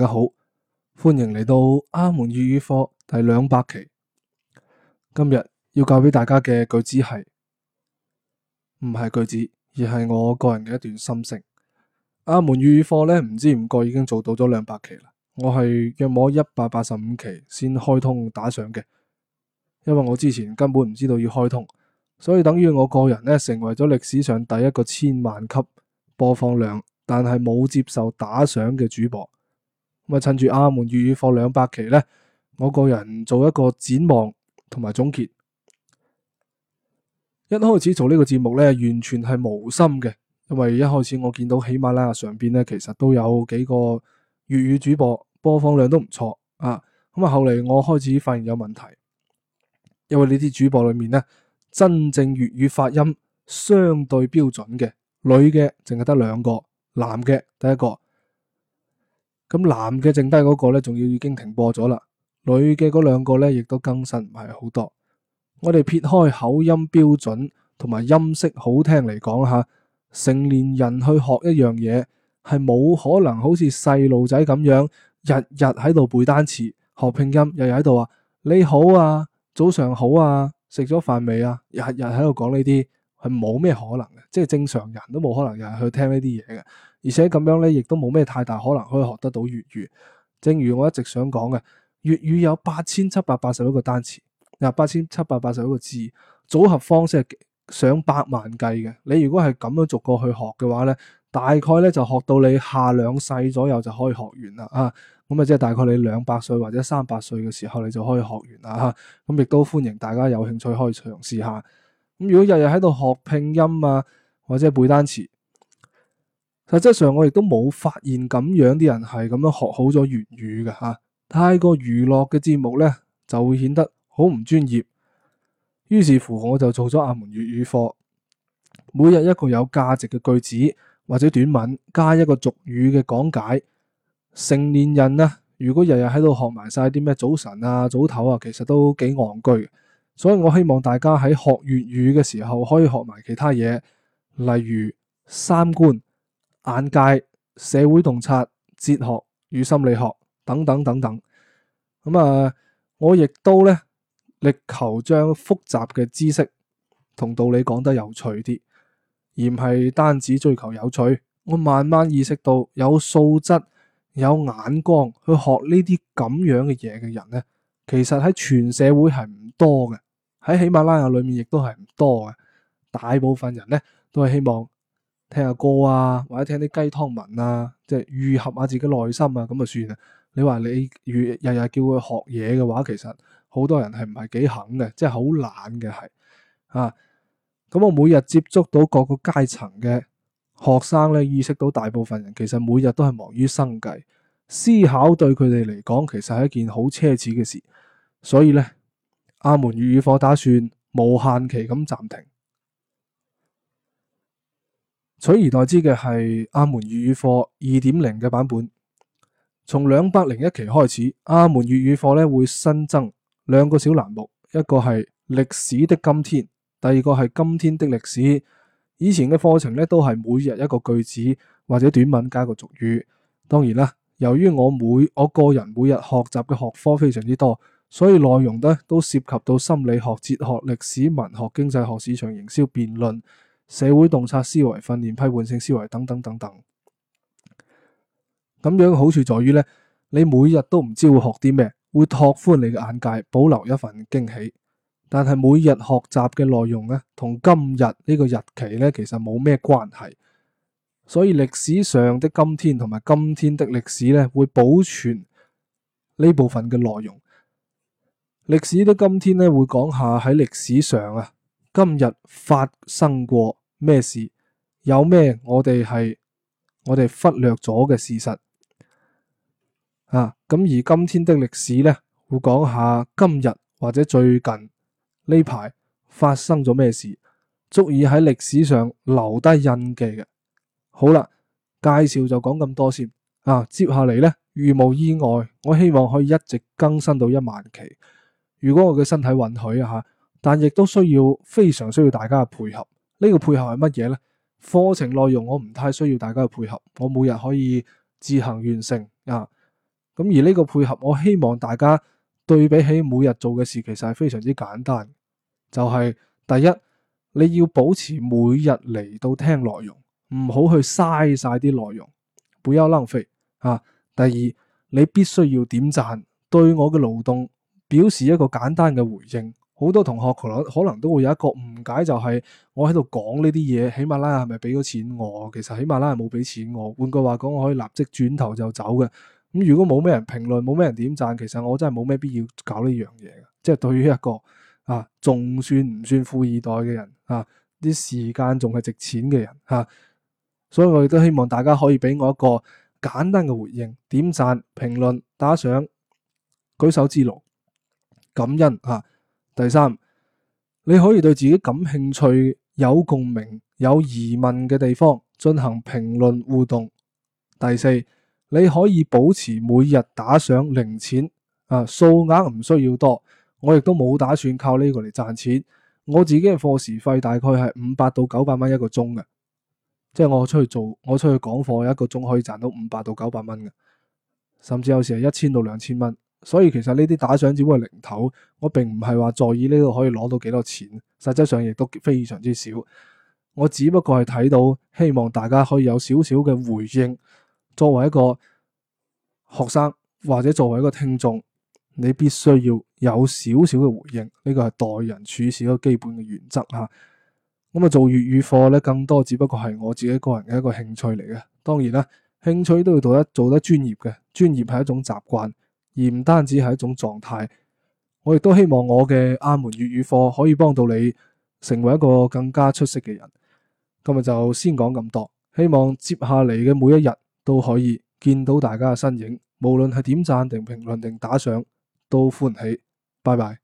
大家好，歡迎嚟到阿門粵語課第兩百期。今日要教俾大家嘅句子係唔係句子，而係我個人嘅一段心聲。阿門粵語課呢，唔知唔覺已經做到咗兩百期啦。我係約莫一百八十五期先開通打賞嘅，因為我之前根本唔知道要開通，所以等於我個人呢成為咗歷史上第一個千萬級播放量，但係冇接受打賞嘅主播。咁啊，趁住阿門粵語課兩百期呢，我個人做一個展望同埋總結。一開始做呢個節目呢，完全係無心嘅，因為一開始我見到喜馬拉雅上邊呢，其實都有幾個粵語主播播放量都唔錯啊。咁啊，後嚟我開始發現有問題，因為呢啲主播裏面呢，真正粵語發音相對標準嘅女嘅淨係得兩個，男嘅得一個。咁男嘅剩低嗰個咧，仲要已經停播咗啦。女嘅嗰兩個咧，亦都更新唔係好多。我哋撇開口音標準同埋音色好聽嚟講下，成年人去學一樣嘢係冇可能好，好似細路仔咁樣日日喺度背單詞、學拼音，日日喺度話你好啊、早上好啊、食咗飯未啊，日日喺度講呢啲，係冇咩可能嘅。即係正常人都冇可能日日去聽呢啲嘢嘅。而且咁樣咧，亦都冇咩太大可能可以學得到粵語。正如我一直想講嘅，粵語有八千七百八十一個單詞，嗱，八千七百八十一個字，組合方式係上百萬計嘅。你如果係咁樣逐個去學嘅話咧，大概咧就學到你下兩世左右就可以學完啦。啊，咁啊即係大概你兩百歲或者三百歲嘅時候，你就可以學完啦。吓，咁亦都歡迎大家有興趣可以嘗試下。咁如果日日喺度學拼音啊，或者背單詞。實質上我亦都冇發現咁樣啲人係咁樣學好咗粵語嘅吓、啊，太過娛樂嘅節目呢，就會顯得好唔專業。於是乎我就做咗阿門粵語課，每日一個有價值嘅句子或者短文，加一個俗語嘅講解。成年人呢，如果日日喺度學埋晒啲咩早晨啊、早唞啊，其實都幾戇居。所以我希望大家喺學粵語嘅時候可以學埋其他嘢，例如三觀。眼界、社會洞察、哲學與心理學等等等等，咁、嗯、啊、呃，我亦都咧力求將複雜嘅知識同道理講得有趣啲，而唔係單止追求有趣。我慢慢意識到，有素質、有眼光去學這這呢啲咁樣嘅嘢嘅人咧，其實喺全社會係唔多嘅，喺喜馬拉雅裏面亦都係唔多嘅。大部分人咧都係希望。聽下歌啊，或者聽啲雞湯文啊，即係愈合下自己內心啊，咁啊算啦。你話你越日日叫佢學嘢嘅話，其實好多人係唔係幾肯嘅，即係好懶嘅係啊。咁我每日接觸到各個階層嘅學生咧，意識到大部分人其實每日都係忙於生計，思考對佢哋嚟講，其實係一件好奢侈嘅事。所以咧，阿門粵語課打算無限期咁暫停。取而代之嘅係阿門粵語課二點零嘅版本，從兩百零一期開始，阿門粵語課咧會新增兩個小欄目，一個係歷史的今天，第二個係今天的歷史。以前嘅課程咧都係每日一個句子或者短文加個俗語。當然啦，由於我每我個人每日學習嘅學科非常之多，所以內容咧都涉及到心理學、哲學、歷史、文學、經濟學、市場營銷、辯論、辯論社會洞察、思維訓練、批判性思維等等等等，咁樣嘅好處在於呢，你每日都唔知會學啲咩，會拓寬你嘅眼界，保留一份驚喜。但係每日學習嘅內容呢，同今日呢個日期呢，其實冇咩關係。所以歷史上的今天同埋今天的歷史呢，會保存呢部分嘅內容。歷史的今天呢，會講下喺歷史上啊今日發生過。咩事？有咩我哋係我哋忽略咗嘅事實啊！咁而今天的歷史呢，會講下今日或者最近呢排發生咗咩事，足以喺歷史上留低印記嘅。好啦，介紹就講咁多先啊！接下嚟呢，如無意外，我希望可以一直更新到一萬期，如果我嘅身體允許下啊，但亦都需要非常需要大家嘅配合。呢個配合係乜嘢呢？課程內容我唔太需要大家去配合，我每日可以自行完成啊。咁而呢個配合，我希望大家對比起每日做嘅事，其實係非常之簡單。就係、是、第一，你要保持每日嚟到聽內容，唔好去嘥晒啲內容，唔會有浪，浪費。啊。第二，你必須要點讚，對我嘅勞動表示一個簡單嘅回應。好多同學可能都會有一個誤解就，就係我喺度講呢啲嘢，喜馬拉雅係咪俾咗錢我？其實喜馬拉雅冇俾錢我。換句話講，我可以立即轉頭就走嘅。咁如果冇咩人評論，冇咩人點贊，其實我真係冇咩必要搞呢樣嘢。即係對於一個啊，仲算唔算富二代嘅人啊？啲時間仲係值錢嘅人啊，所以我亦都希望大家可以俾我一個簡單嘅回應，點贊、評論、打賞、舉手之勞、感恩啊！第三，你可以對自己感興趣、有共鳴、有疑問嘅地方進行評論互動。第四，你可以保持每日打賞零錢，啊，數額唔需要多。我亦都冇打算靠呢個嚟賺錢。我自己嘅課時費大概係五百到九百蚊一個鐘嘅，即係我出去做，我出去講課一個鐘可以賺到五百到九百蚊嘅，甚至有時係一千到兩千蚊。所以其實呢啲打賞只不過係零頭，我並唔係話在意呢度可以攞到幾多錢，實質上亦都非常之少。我只不過係睇到，希望大家可以有少少嘅回應。作為一個學生或者作為一個聽眾，你必須要有少少嘅回應，呢個係待人處事一個基本嘅原則吓。咁啊，做粵語課咧，更多只不過係我自己個人嘅一個興趣嚟嘅。當然啦，興趣都要做得做得專業嘅，專業係一種習慣。而唔單止係一種狀態，我亦都希望我嘅阿門粵語課可以幫到你成為一個更加出色嘅人。今日就先講咁多，希望接下嚟嘅每一日都可以見到大家嘅身影，無論係點讚定評論定打賞都歡喜。拜拜。